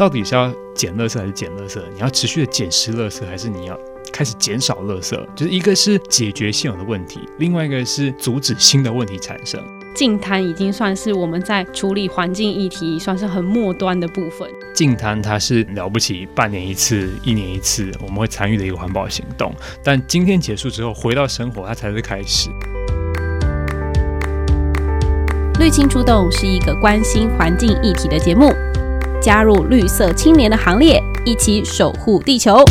到底是要撿垃圾還是減垃圾？你要持續的撿拾垃圾，還是你要開始減少垃圾？就是一個是解決現有的問題，另外一個是阻止新的問題產生。淨灘已經算是我們在處理環境議題，算是很末端的部分。淨灘它是了不起，半年一次，一年一次，我們會參與的一個環保行動。但今天結束之後，回到生活，它才是開始。綠青出動是一個關心環境議題的節目。加入綠色青年的行列，一起守護地球。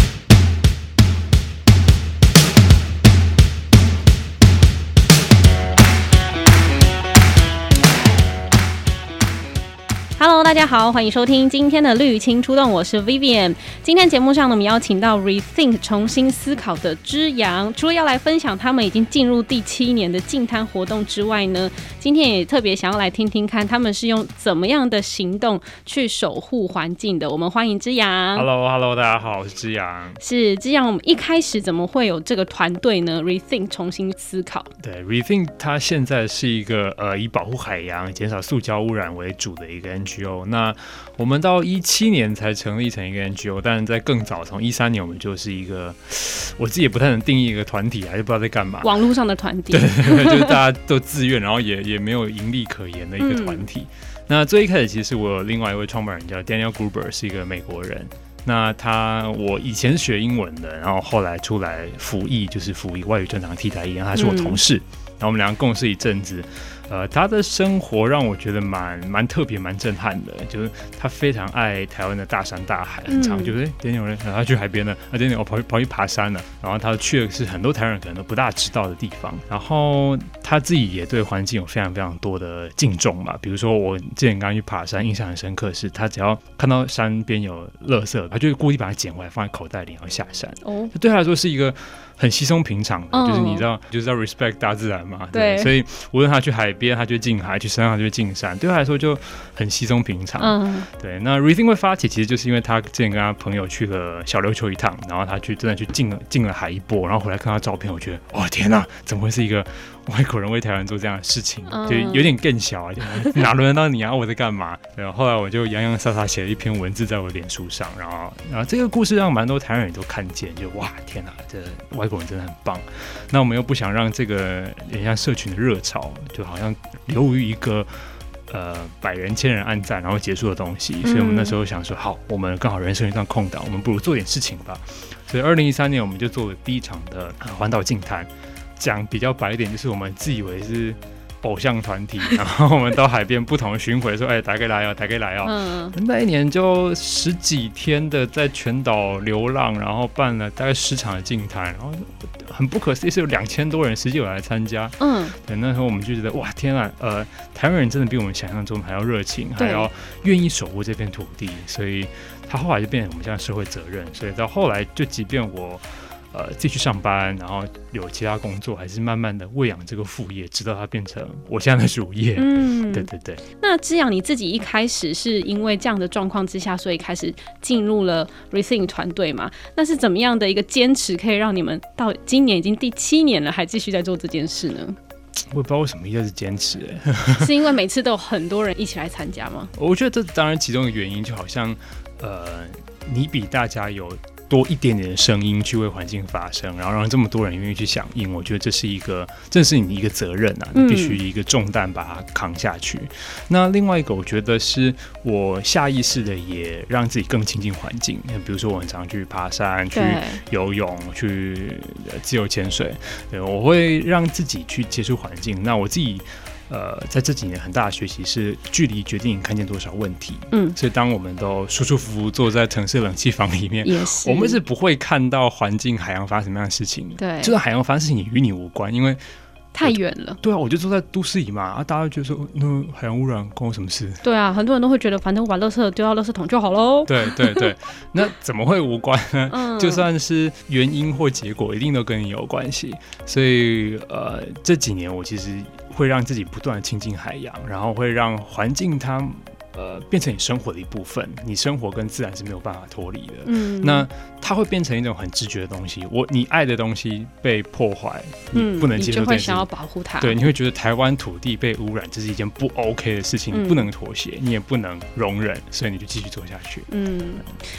Hello，大家好，歡迎收聽今天的綠青出動，我是 Vivian。今天節目上呢，我們邀請到 RE-THINK 重新思考的之揚，除了要來分享他們已經進入第七年的淨灘活動之外呢，今天也特別想要來聽聽看他們是用怎麼樣的行動去守護環境的。我們歡迎之揚。Hello，Hello，hello，大家好，我是之揚。是之揚，我們一開始怎麼會有這個團隊呢？RE-THINK 重新思考。對，RE-THINK 它現在是一個呃以保護海洋、減少塑膠污染為主的一個。那我們到一七年才成立成一個 N G O，但是在更早，從一三年我們就是一個，我自己也不太能定義一個團體，還是不知道在幹嘛，網絡上的團體對，對，對，就是、大家都自願， 然後也也沒有盈利可言的一個團體。嗯、那最一開始，其實我有另外一位創辦人叫 Daniel Gruber，是一個美國人。那他，我以前學英文的，然後後來出來服役，就是服役外語專長替代役，他是我同事，嗯、然後我們兩個共事一陣子。呃，他的生活讓我覺得蠻蠻特別，蠻震撼的。就是他非常愛台灣的大山大海，很長，嗯、就是哎 Daniel，他去海邊了，啊 Daniel，我跑跑去爬山了。然後他去的是很多台灣人可能都不大知道的地方。然後他自己也對環境有非常非常多的敬重嘛。比如說，我之前剛剛去爬山，印象很深刻，是他只要看到山邊有垃圾，他就會故意把它撿回來放在口袋裡，然後下山。哦，對他來說是一個。很稀鬆平常、嗯、就是你知道，就是要 respect 大自然嘛。對，對所以無論他去海邊，他就會淨海；去山上就淨山。對他來說就很稀鬆平常。嗯，對。那 RE-THINK 會發起，其實就是因為他之前跟他朋友去了小琉球一趟，然後他去真的去淨了淨了海一波，然後回來看他照片，我覺得，哇，天哪、啊，怎麼會是一個？外國人為台灣做這樣的事情，uh, 就有點更小啊，哪輪得到你啊？ 我在幹嘛？然後後來我就洋洋灑灑寫了一篇文字在我臉書上，然後，然後這個故事讓蠻多台灣人都看見，就哇，天哪，這外國人真的很棒。那我們又不想讓這個人家社群的熱潮，就好像流於一個呃百人千人按讚然後結束的東西，嗯、所以我們那時候想說，好，我們剛好人生一段空檔，我們不如做點事情吧。所以二零一三年我們就做了第一場的環島淨灘。講比較白一點，就是我們自以為是偶像團體，然後我們到海邊不同的巡迴說，哎、 欸，大家來哦、喔，大家來哦、喔。嗯。那一年就十幾天的在全島流浪，然後辦了大概十場的淨灘，然後很不可思議是有兩千多人實際有來參加。嗯。對，那時候我們就覺得哇，天啊，呃，台灣人真的比我們想象中還要熱情，對還要願意守護這片土地，所以他後來就變成我們現在社會責任。所以到後來，就即便我。呃，繼續上班，然後有其他工作，還是慢慢的餵養這個副業，直到它變成我現在的主業。嗯，對對對。那之揚你自己一開始是因為這樣的狀況之下，所以開始進入了 RE-THINK 團隊嘛？那是怎麼樣的一個堅持，可以讓你們到今年已經第七年了，還繼續在做這件事呢？我也不知道為什麼一直堅持哎、欸。 是因為每次都有很多人一起來參加嗎？ 我覺得這當然其中的原因，就好像呃，你比大家有。多一點點的聲音去為環境發聲，然後讓這麼多人願意去響應，我覺得這是一個，這是你的一個責任啊，你必須一個重擔把它扛下去。嗯。那另外一個，我覺得是我下意識的也讓自己更親近環境，比如說我很常去爬山、去游泳、去自由潛水對對，我會讓自己去接觸環境。那我自己。呃，在這幾年很大的學習是距離決定看見多少問題。嗯，所以當我們都舒舒服服坐在城市冷氣房裡面，也是我們是不會看到環境海洋發生什麼樣的事情。對，就算海洋發生事情也與你無關，因為太遠了。對啊，我就坐在都市裡嘛，啊，大家就覺得說，那海洋污染關我什麼事？對啊，很多人都會覺得反正我把垃圾丟到垃圾桶就好嘍。 對對對，那怎麼會無關呢？嗯，就算是原因或結果，一定都跟你有關係。所以呃，這幾年我其實。會讓自己不斷的親近海洋，然後會讓環境它呃變成你生活的一部分。你生活跟自然是沒有辦法脫離的。嗯，那它會變成一種很自覺的東西。我你愛的東西被破壞，你不能接受，嗯，你會想要保護它。對，你會覺得台灣土地被污染，這是一件不 OK 的事情，你不能妥協，嗯，你也不能容忍，所以你就繼續做下去。嗯，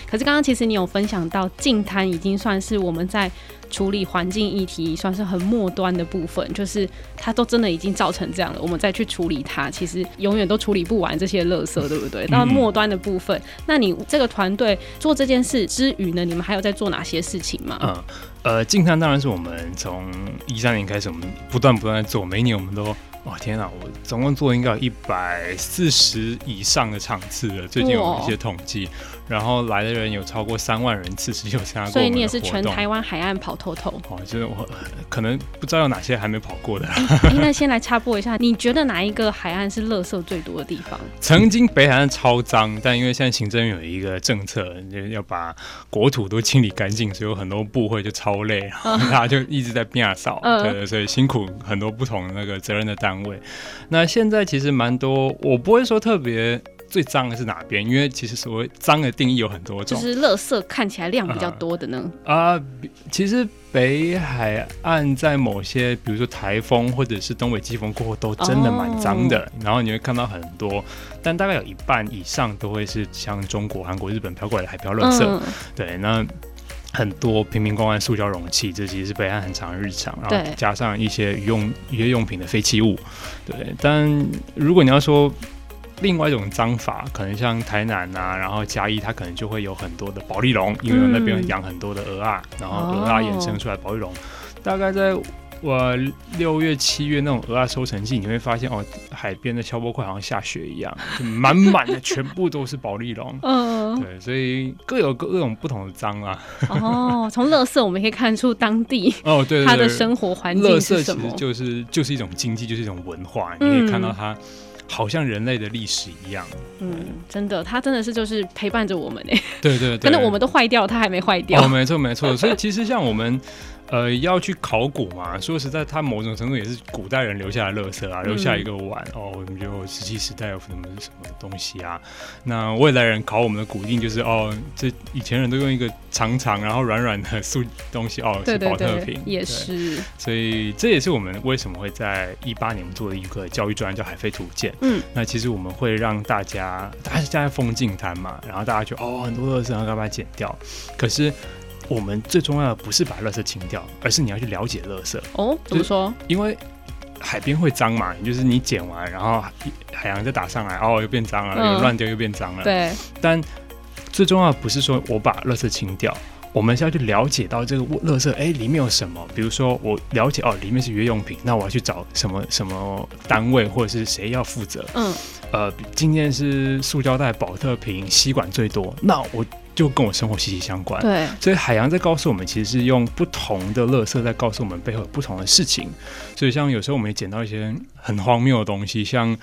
可是剛剛其實你有分享到，淨灘已經算是我們在。處理環境議題算是很末端的部分，就是它都真的已經造成這樣了，我們再去處理它，其實永遠都處理不完這些垃圾，對不對？那末端的部分，嗯、那你這個團隊做這件事之餘呢，你們還有在做哪些事情嗎？嗯，呃，淨灘當然是我們從一三年開始，我們不斷不斷做，每一年我們都，哇，天哪，我總共做應該有一百四十以上的場次了，最近有一些統計。哦。然後來的人有超過三萬人次是有參加過活動，所以你也是全台灣海岸跑透透。哦，就是我可能不知道有哪些還沒跑過的。那先來插播一下， 你覺得哪一個海岸是垃圾最多的地方？曾經北海岸超髒，但因為現在行政院有一個政策，要把國土都清理乾淨，所以有很多部會就超累，嗯、大家就一直在變掃、嗯、對，所以辛苦很多不同的那個責任的單位。那現在其實蠻多，我不會說特別。最髒的是哪邊？因為其實所謂髒的定義有很多種，就是垃圾看起來量比較多的呢。啊、嗯呃，其實北海岸在某些，比如說台風或者是東北季風過後，都真的蠻髒的。哦、然後你會看到很多，但大概有一半以上都會是像中國、韓國、日本飄過來的海漂垃圾。嗯、對，那很多瓶瓶罐罐塑膠容器，這其實是北岸很常的日常。然後加上一些漁用、漁業用品的廢棄物。對，但如果你要說。另外一種髒法，可能像台南吶、啊，然後嘉義，它可能就會有很多的保麗龍，因為那邊養很多的蚵仔，嗯、然後蚵仔衍生出來保麗龍。哦、大概在我六、呃、月、七月那種蚵仔收成季，你會發現哦，海邊的消波塊好像下雪一樣，滿滿的，全部都是保麗龍。嗯、 呃，對，所以各有各各種不同的髒啊。哦，從垃圾我們可以看出當地它哦，對，對，對，他的生活環境。垃圾其實就是就是一種經濟，就是一種文化，嗯、你可以看到它。好像人類的歷史一樣，嗯，真的，他真的是就是陪伴着我們呢，對，對對，但是我們都壞掉了，他還沒壞掉， 哦，沒錯沒錯，所以其實像我們。呃，要去考古嘛？說實在，它某種程度也是古代人留下的垃圾啊，嗯、留下一個碗哦。我們就石器時代有什麼什麼東西啊？那未來人考我們的古印，就是哦，這以前人都用一個長長然後軟軟的塑東西哦，對對對，是寶特瓶也是。所以這也是我們為什麼會在一八年做了一個教育專，叫《海廢圖鑑》。嗯，那其實我們會讓大家，大家是在淨灘嘛，然後大家就哦，很多垃圾，要幹嘛？剪掉。可是，我們最重要的不是把垃圾清掉，而是你要去了解垃圾。哦，怎麼說？因為海邊會髒嘛，就是你撿完，然後海洋再打上來，哦，又變髒了，又、嗯、亂丟又變髒了。對。但最重要的不是說我把垃圾清掉，我們是要去了解到這個垃圾，哎，裡面有什麼？比如說，我了解哦，裡面是日用品，那我要去找什麼什麼單位或者是誰要負責？嗯。呃，今天是塑膠袋、寶特瓶、吸管最多，那我。就跟我生活息息相關，對，所以海洋在告訴我們，其實是用不同的垃圾在告訴我們背後有不同的事情。所以，像有時候我們也撿到一些很荒謬的東西，像。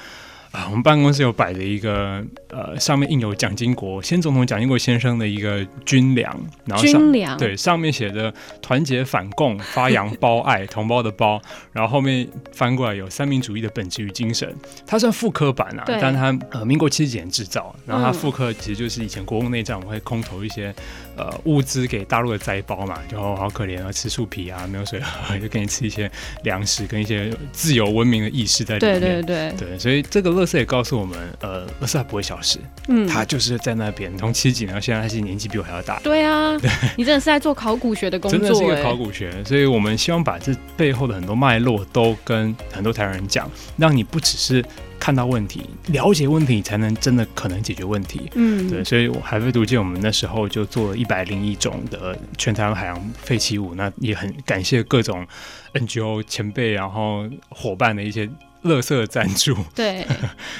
我們辦公室有擺着一個呃，上面印有蔣經國先總統蔣經國先生的一個軍糧，然後上軍糧對，上面寫着“團結反共，發揚胞愛 同胞”的胞，然後後面翻過來有三民主義的本質與精神。它算複刻版啊，對但它呃，民國七十幾年製造，然後它複刻其實就是以前國共內戰，我們會空投一些呃物資給大陸的災胞嘛，就好可憐啊，吃樹皮啊，沒有水喝，就給你吃一些糧食跟一些自由文明的意識在裡面。對對對對，所以這個樂。這也告訴我們，呃，二三不會消失，嗯，他就是在那邊。從七幾年，現在還是年紀比我還要大。對啊，對，你真的是在做考古學的工作，真的是一個考古學。欸、所以我們希望把這背後的很多脈絡都跟很多台灣人講，讓你不只是看到問題，了解問題，你才能真的可能解決問題，嗯，對。所以海廢圖鑑，我們那時候就做了一百零一種的全台灣海洋廢棄物，那也很感謝各種 NGO 前輩，然後夥伴的一些。樂色贊助，對，對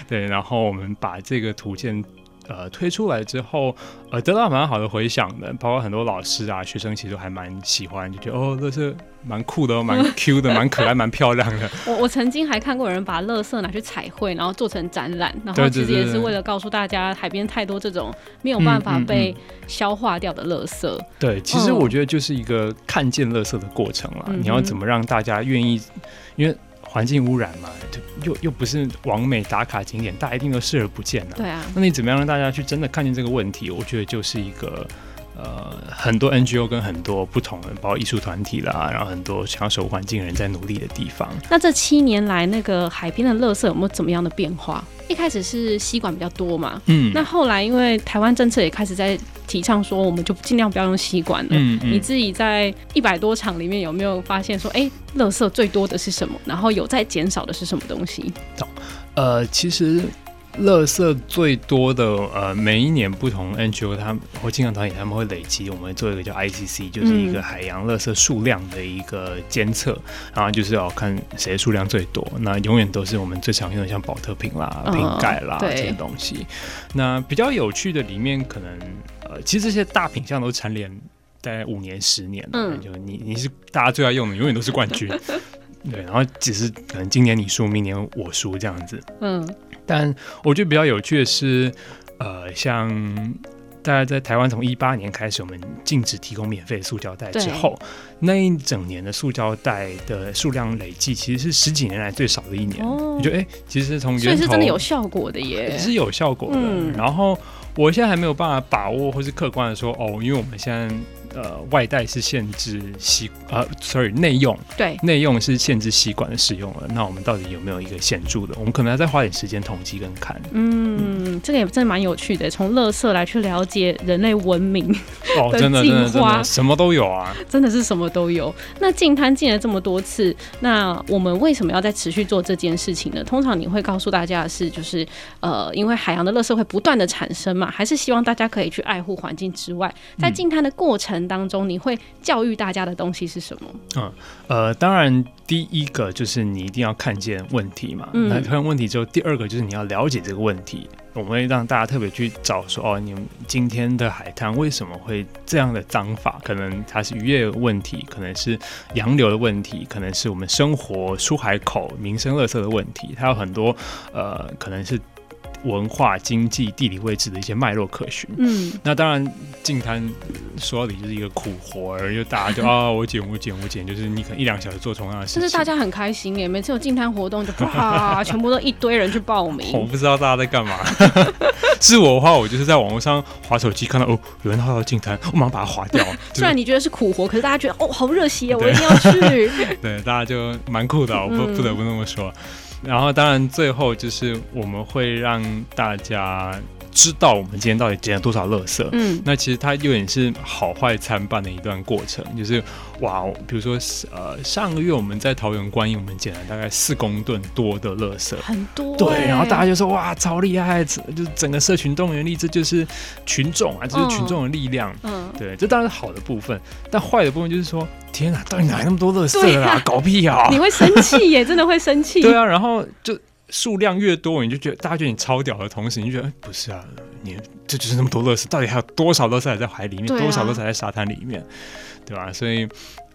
對，然後我們把這個圖鑑呃推出來之後，呃，得到蠻好的回響的，包括很多老師啊、學生其實都還蠻喜歡，就覺得哦，樂色蠻酷的、蠻 Q 的、蠻 可愛、蠻漂亮的。我我曾經還看過有人把樂色拿去彩繪，然後做成展覽，然後其實也是為了告訴大家海邊太多這種沒有辦法被消化掉的樂色。嗯嗯嗯。對，其實我覺得就是一個看見樂色的過程了。哦。你要怎麼讓大家願意？因為環境污染嘛，就又又不是網美打卡景點，大家一定都視而不見了。啊、對啊，那你怎麼樣讓大家去真的看見這個問題？我覺得就是一個。呃，很多 NGO 跟很多不同的，包括藝術團體啦，然後很多想要守護環境人在努力的地方。那這七年來，那個海邊的垃圾有沒有怎麼樣的變化？一開始是吸管比較多嘛，嗯。那後來因為台灣政策也開始在提倡說，我們就盡量不要用吸管了。嗯，嗯。你自己在一百多場裡面有沒有發現說，哎、欸，垃圾最多的是什麼？然後有在減少的是什麼東西？懂、哦。呃，其實。垃圾最多的呃，每一年不同 NGO 它，或經常導演他們會累積，我們做一個叫 ICC，就是一個海洋垃圾數量的一個監測，mm hmm. 然後就是要看誰的數量最多。那永遠都是我們最常用的，像寶特瓶啦、瓶蓋啦、uh huh. 這些東西。對那比較有趣的裡面，可能呃，其實這些大品項都蟬聯大概五年、十年、mm。嗯、hmm.，就你你是大家最愛用的，永遠都是冠軍。 對，然後只是可能今年你輸，明年我輸這樣子。嗯、mm。Hmm. 但我覺得比較有趣的是，呃，像大家在台灣從一八年開始，我們禁止提供免費的塑膠袋之後，對那一整年的塑膠袋的數量累計，其實是十幾年來最少的一年。我覺得，哎、欸，其實從源頭是，所以是真的有效果的耶，也是有效果的。然後我現在還沒有辦法把握，或是客觀的說，哦，因為我們現在。呃，外帶是限制吸，呃，sorry，內用，對，內用是限制吸管的使用了。那我們到底有沒有一個顯著的？我們可能要再花點時間統計跟看。嗯，嗯，這個也真的蠻有趣的，從垃圾來去了解人類文明。哦，的進化真的真的真的，什麼都有啊，真的是什麼都有。那淨灘進了這麼多次，那我們為什麼要再持續做這件事情呢？通常你會告訴大家的是，就是呃，因為海洋的垃圾會不斷的產生嘛，還是希望大家可以去愛護環境之外，在淨灘的過程呢。嗯當中你會教育大家的東西是什麼？嗯，呃，當然第一個就是你一定要看見問題嘛。嗯，看問題之後，第二個就是你要了解這個問題。嗯、我們會讓大家特別去找說，哦，你們今天的海灘為什麼會這樣的髒法？可能它是漁業問題，可能是洋流的問題，可能是我們生活出海口民生垃圾的問題。它有很多呃，可能是。文化、經濟、地理位置的一些脈絡可循。嗯，那當然，淨灘說到底就是一個苦活，就大家就啊，我撿，我撿，我撿，就是你可能一兩個小時做同樣的事。但是大家很開心耶，每次有淨灘活動就啪，全部都一堆人去報名。我不知道大家在幹嘛？是我的話，我就是在網絡上滑手機，看到哦有人在做淨灘，我馬上把它劃掉。雖然你覺得是苦活，可是大家覺得哦好熱血，我一定要去。對，大家就蠻酷的，我不不得不那麼說。然後，當然，最後就是我們會讓大家，知道我們今天到底撿了多少垃圾？嗯，那其實它有點是好壞參半的一段過程。就是哇，比如說呃，上個月我們在桃園觀音，我們撿了大概四公噸多的垃圾，很多、欸。對，然後大家就說哇，超厲害，就整個社群動員力，這就是群眾啊，哦、就是群眾的力量。嗯、哦，對，這當然是好的部分，但壞的部分就是說，天哪，到底哪有那麼多垃圾啊？搞啦屁啊！你會生氣耶， 真的會生氣。對啊，然後就。數量越多，你就覺得大家覺得你超屌的同時，你就覺得、哎、不是啊，你這就是那麼多垃圾，到底還有多少垃圾還在海裡面，啊、多少垃圾還在沙灘裡面，對吧、啊？所以，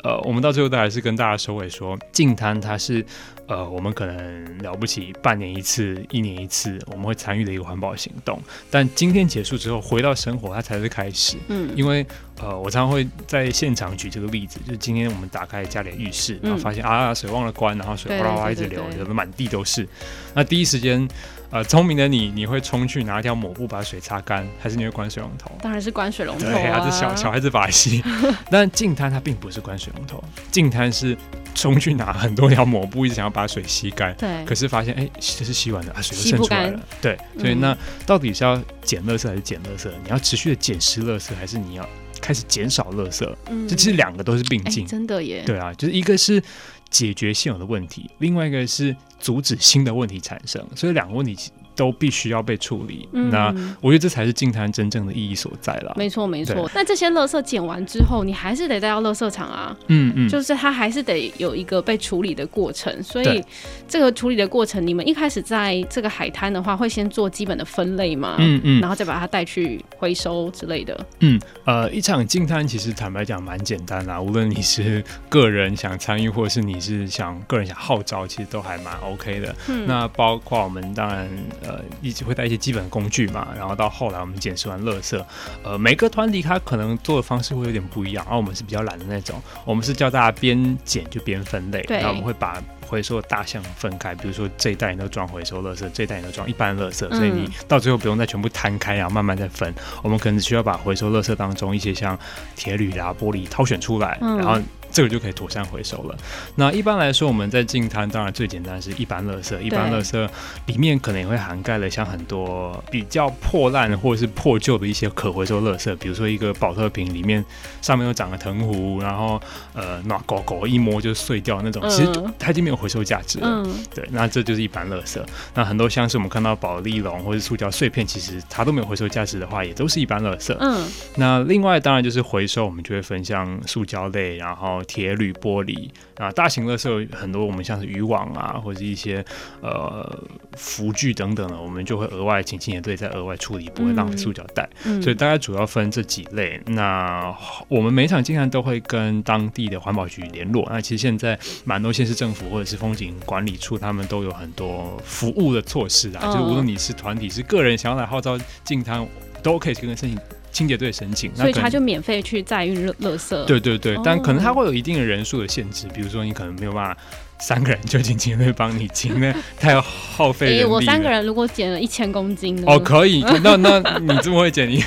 呃，我們到最後都還是跟大家收尾說，淨灘它是呃，我們可能了不起半年一次、一年一次，我們會參與的一個環保行動。但今天結束之後，回到生活，它才是開始。嗯，因為。呃，我常常會在現場舉這個例子，就是今天我們打開家裡的浴室，然後發現啊，水忘了關，然後水嘩啦嘩啦一直流，流得滿地都是。那第一時間，呃，聰明的你，你會衝去拿一條抹布把水擦乾，還是你會關水龍頭？當然是關水龍頭啊，這小小孩子把戲。但淨灘它並不是關水龍頭，淨灘是衝去拿很多條抹布，一直想要把水吸乾。對。可是發現哎，這是洗完的啊，水都滲出來了。對。所以那到底是要撿垃圾還是撿垃圾？你要持續的撿濕垃圾，還是你要？開始減少垃圾，這，嗯，其實兩個都是並進，欸，真的耶！對啊，就是一個是解決現有的問題，另外一個是阻止新的問題產生，所以兩個問題。都必須要被處理，嗯、那我覺得這才是淨灘真正的意義所在了。沒錯，沒錯。對那這些垃圾撿完之後，你還是得帶到垃圾場啊。嗯嗯。嗯，就是它還是得有一個被處理的過程，所以這個處理的過程，對你們一開始在這個海灘的話，會先做基本的分類嗎？嗯嗯。嗯，然後再把它帶去回收之類的。嗯呃，一場淨灘其實坦白講蠻簡單的、啊，無論你是個人想參與，或者是你是想個人想號召，其實都還蠻 OK 的。嗯。那包括我們當然呃，一直會帶一些基本工具嘛，然後到後來我們撿拾完垃圾，呃，每個團體它可能做的方式會有點不一樣，然後，啊，我們是比較懶的那種，我們是叫大家邊撿就邊分類，對然後我們會把回收的大項分開，比如說這一袋你都裝回收垃圾，這一袋你都裝一般垃圾，嗯、所以你到最後不用再全部攤開，然後慢慢再分，我們可能只需要把回收垃圾當中一些像鐵鋁啊、玻璃挑選出來，嗯、然後。這個就可以妥善回收了。那一般來說，我們在淨灘，當然最簡單是一般垃圾。對一般垃圾裡面可能也會涵蓋了像很多比較破爛或者是破舊的一些可回收垃圾，比如說一個寶特瓶裡面上面有長了藤壺，然後呃那狗狗一摸就碎掉那種，嗯、其實它已經沒有回收價值了。嗯、對，那這就是一般垃圾。那很多像是我們看到保麗龍或者是塑膠碎片，其實它都沒有回收價值的話，也都是一般垃圾。嗯。那另外當然就是回收，我們就會分像塑膠類，然後。鐵鋁玻璃啊，大型的時候很多，我們像是漁網啊，或者是一些呃浮具等等的，我們就會額外請清潔隊再額外處理，不會浪費塑膠袋。嗯、所以大概主要分這幾類。那我們每場淨灘都會跟當地的環保局聯絡。那其實現在蠻多縣市政府或者是風景管理處，他們都有很多服務的措施啊。嗯、就是無論你是團體是個人，想要來號召淨灘，都可以去跟他申請。清潔隊申請，所以他就免費去載運垃垃圾。對對對，但可能他會有一定的人數的限制，哦、比如說你可能沒有辦法三個人就請清潔隊幫你清，那 太要耗費、欸。我三個人如果減撿了一千公斤哦，可以，那那你這麼會撿 你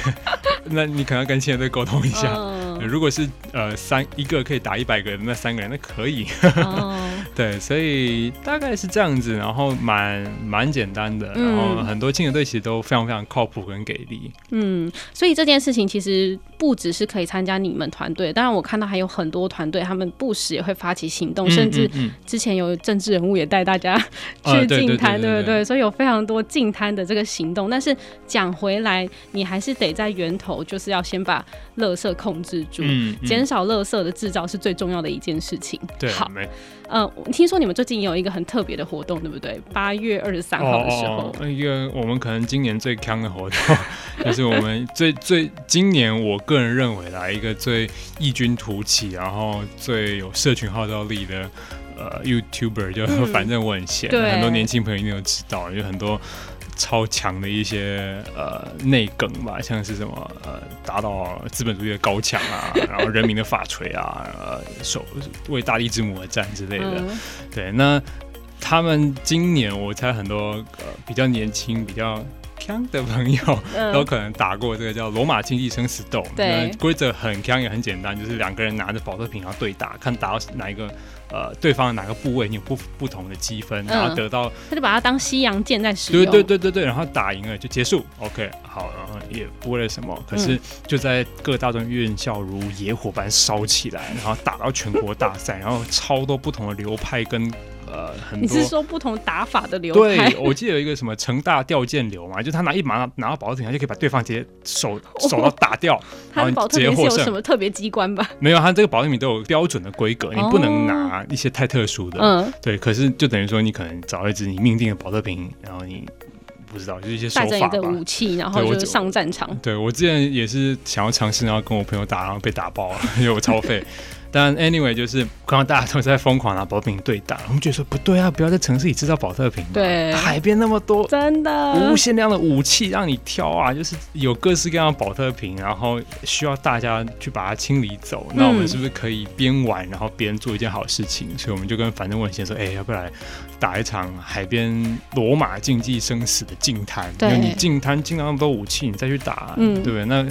那你可能要跟清潔隊溝通一下，哦、如果是呃三一個可以打一百個人，那三個人那可以。 哦對，所以大概是這樣子，然後蠻蠻簡單的，嗯、然後很多清潔隊其實都非常非常靠譜跟給力。嗯，所以這件事情其實不只是可以參加你們團隊，當然我看到還有很多團隊，他們不時也會發起行動，嗯、甚至之前有政治人物也帶大家、嗯、 去淨灘。對不對？所以有非常多淨灘的這個行動。但是講回來，你還是得在源頭，就是要先把垃圾控制住，嗯嗯、減少垃圾的制造是最重要的一件事情。對，好。沒呃、嗯，聽說你們最近也有一個很特別的活動，對不對？八月二十三號的時候，一個、哦哦嗯、我們可能今年最鏘的活動，但 是我們最最今年我個人認為來一個最異軍突起，然後最有社群號召力的呃 YouTuber，就、嗯、反正我很閒，對很多年輕朋友一定都知道，有很多。超強的一些呃內梗吧，像是什麼呃打倒資本主義的高牆啊， 然後人民的法錘啊，呃守為大地之母而戰之類的。嗯、對，那他們今年我猜很多呃比較年輕比較強的朋友都可能打過這個叫羅馬競技生死鬥。對、嗯，那規則很嗆也很簡單，就是兩個人拿着保特瓶然後對打，看打到哪一個。呃，對方的哪個部位你有不不同的積分，嗯、然後得到他就把它當西洋劍在使用，對對對對對，然後打贏了就結束。OK，好，然後也不為了什麼，嗯、可是就在各大專院校如野火般燒起來，然後打到全國大賽， 然後超多不同的流派跟。呃，很多。你是說不同打法的流派？對，我記得有一個什麼成大吊劍流嘛， 就是他拿一把拿到寶特瓶，他就可以把對方直接手手打掉，然 後直接獲勝。他的寶特瓶是有什麼特別機關吧？沒有，他這個寶特瓶都有標準的規格，哦，你不能拿一些太特殊的。嗯，對。可是就等於說，你可能找一支你命定的寶特瓶，然後你不知道就是一些手法吧。帶著武器，然後就是上戰場。對，我，對我之前也是想要嘗試，然後跟我朋友打，然後被打爆了， 因為我超廢。但 anyway 就是剛剛大家都在瘋狂拿、啊、寶特瓶對打，我們覺得說不對啊，不要在城市裡製造保特瓶。對、啊，海邊那麼多真的無限量的武器讓你挑啊，就是有各式各樣的保特瓶，然後需要大家去把它清理走。那我們是不是可以邊玩，嗯、然後邊做一件好事情？所以我們就跟反正問先說，哎，要不然來打一場海邊羅馬競技生死的淨灘？對，你，你淨灘那麼多武器，你再去打。嗯，對，那。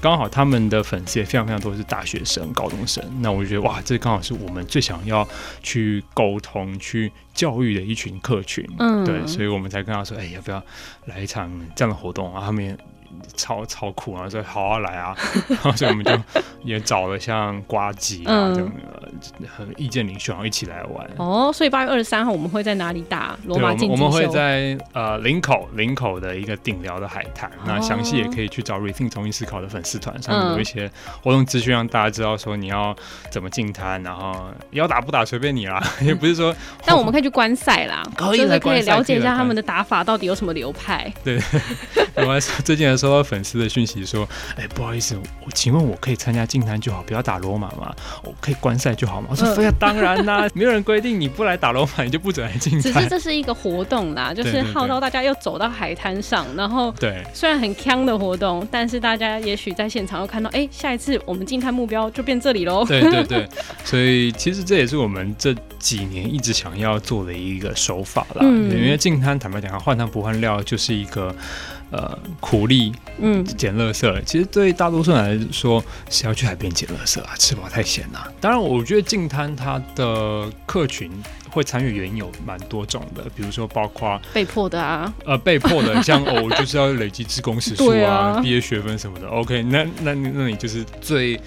剛好他們的粉絲也非常非常多是大學生、高中生，那我就覺得哇，這剛好是我們最想要去溝通、去教育的一群客群，嗯，對，所以我們才跟他說，哎，要不要來一場這樣的活動啊？然後他們。超超酷啊！說好好來啊，然後 所以我們就也找了像呱吉啊、嗯、這樣的，和意見領袖一起來玩。哦，所以八月二十三號我們會在哪裡打羅馬競技？對，我們會在呃林口，林口的一個頂寮的海灘。哦、那詳細也可以去找 rethink 重新思考的粉絲團，上面有一些活動資訊，讓大家知道說你要怎麼進灘，然後要打不打隨便你啦， 也不是說。哦、但我們可以去觀賽啦，可以可以了解一下他們的打法到底有什麼流派。對，羅 最近。收到粉絲的訊息說：“哎、欸，不好意思，我請問我可以參加淨灘就好，不要打羅馬嗎？我可以觀賽就好嗎？”我說：“哎呀、呃，當然啦、啊， 沒有人規定你不來打羅馬，你就不准來淨灘。只是這是一個活動啦，就是號召大家要走到海灘上，對對對，然後對，雖然很鏘的活動，但是大家也許在現場又看到，哎、欸，下一次我們淨灘目標就變這裡嘍。 對對對，所以其實這也是我們這幾年一直想要做的一個手法啦。嗯、因為淨灘，坦白講啊，換湯不換料，就是一個。”呃，苦力，嗯，撿垃圾。嗯、其實對大多數人來說，是要去海邊撿垃圾啊，吃飽太閒了，啊。當然，我覺得淨灘他的客群會參與原因有蠻多種的，比如說包括被迫的啊，呃，被迫的，像我、 哦、就是要累積志工時數啊，畢、 啊、業學分什麼的。OK，那那那你就是最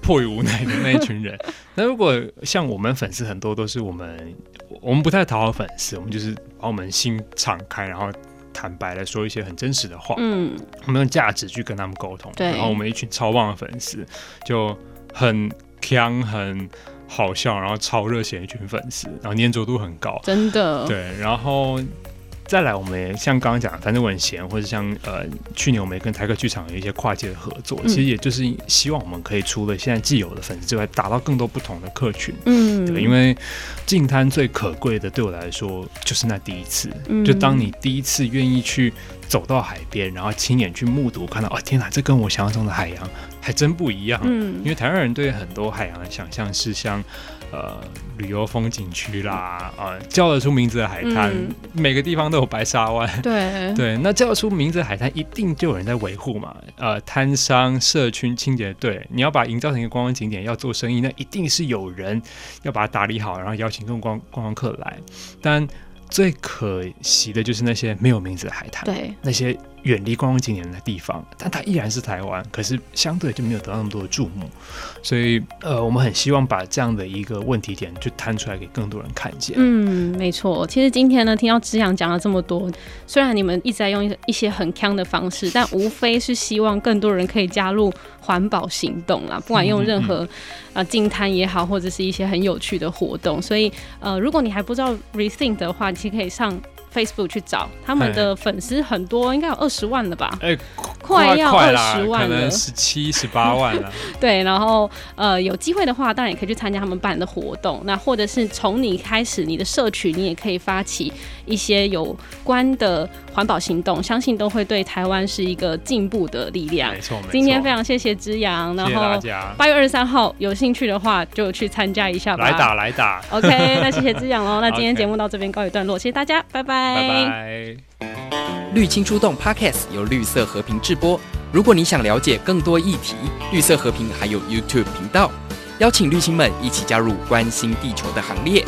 迫於無奈的那一群人。 那如果像我們粉絲很多都是我們，我們不太討好粉絲，我們就是把我們心敞開，然後。坦白的說一些很真實的話，嗯，我們用價值去跟他們溝通，對，然後我們一群超棒的粉絲就很鏘，很好笑，然後超熱血的一群粉絲，然後粘着度很高，真的，對，然後。再來，我們也像剛剛講的，反正我很閒，或者像呃，去年我們也跟台客劇場有一些跨界的合作，嗯、其實也就是希望我們可以除了現在既有的粉絲之外，達到更多不同的客群。嗯對，因為淨灘最可貴的，對我來說就是那第一次。嗯、就當你第一次願意去走到海邊，然後親眼去目睹，看到哦，天哪，這跟我想象中的海洋還真不一樣。嗯，因為台灣人對很多海洋的想象是像。呃，旅遊風景區啦，呃，叫得出名字的海灘，嗯、每個地方都有白沙灣。對對，那叫得出名字的海灘，一定就有人在維護嘛。呃，攤商、社區清潔隊，你要把營造成一個觀光景點，要做生意，那一定是有人要把它打理好，然後邀請更多觀光客來。但最可惜的就是那些沒有名字的海灘，對那些。遠離觀光景點的地方，但它依然是台灣，可是相對就沒有得到那麼多的注目。所以，呃，我們很希望把這樣的一個問題點就攤出來，給更多人看見。嗯，沒錯。其實今天呢，聽到之揚講了這麼多，雖然你們一直在用一些一些很鏘的方式， 但無非是希望更多人可以加入環保行動啊，不管用任何啊，淨灘、嗯嗯呃、也好，或者是一些很有趣的活動。所以，呃，如果你還不知道 RE-THINK 的話，你其實可以上。Facebook 去找他們的粉絲很多，嘿應該有二十萬了吧？哎、欸，快，快要二十萬了，可能十七、十八萬了。 對，然後呃，有機會的話，當然也可以去參加他們辦的活動。那或者是從你開始，你的社群，你也可以發起一些有關的。環保行動，相信都會對台灣是一個進步的力量。沒錯，沒錯。今天非常謝謝之揚，謝謝，然後八月二十三號有興趣的話就去參加一下吧。來打來打。來打 OK，那謝謝之揚哦，那今天節目到這邊告一段落，Okay. 謝謝大家，拜拜。拜拜 bye。綠青出動 Podcast 由綠色和平製播。如果你想了解更多議題，綠色和平還有 YouTube 頻道，邀請綠青們一起加入關心地球的行列。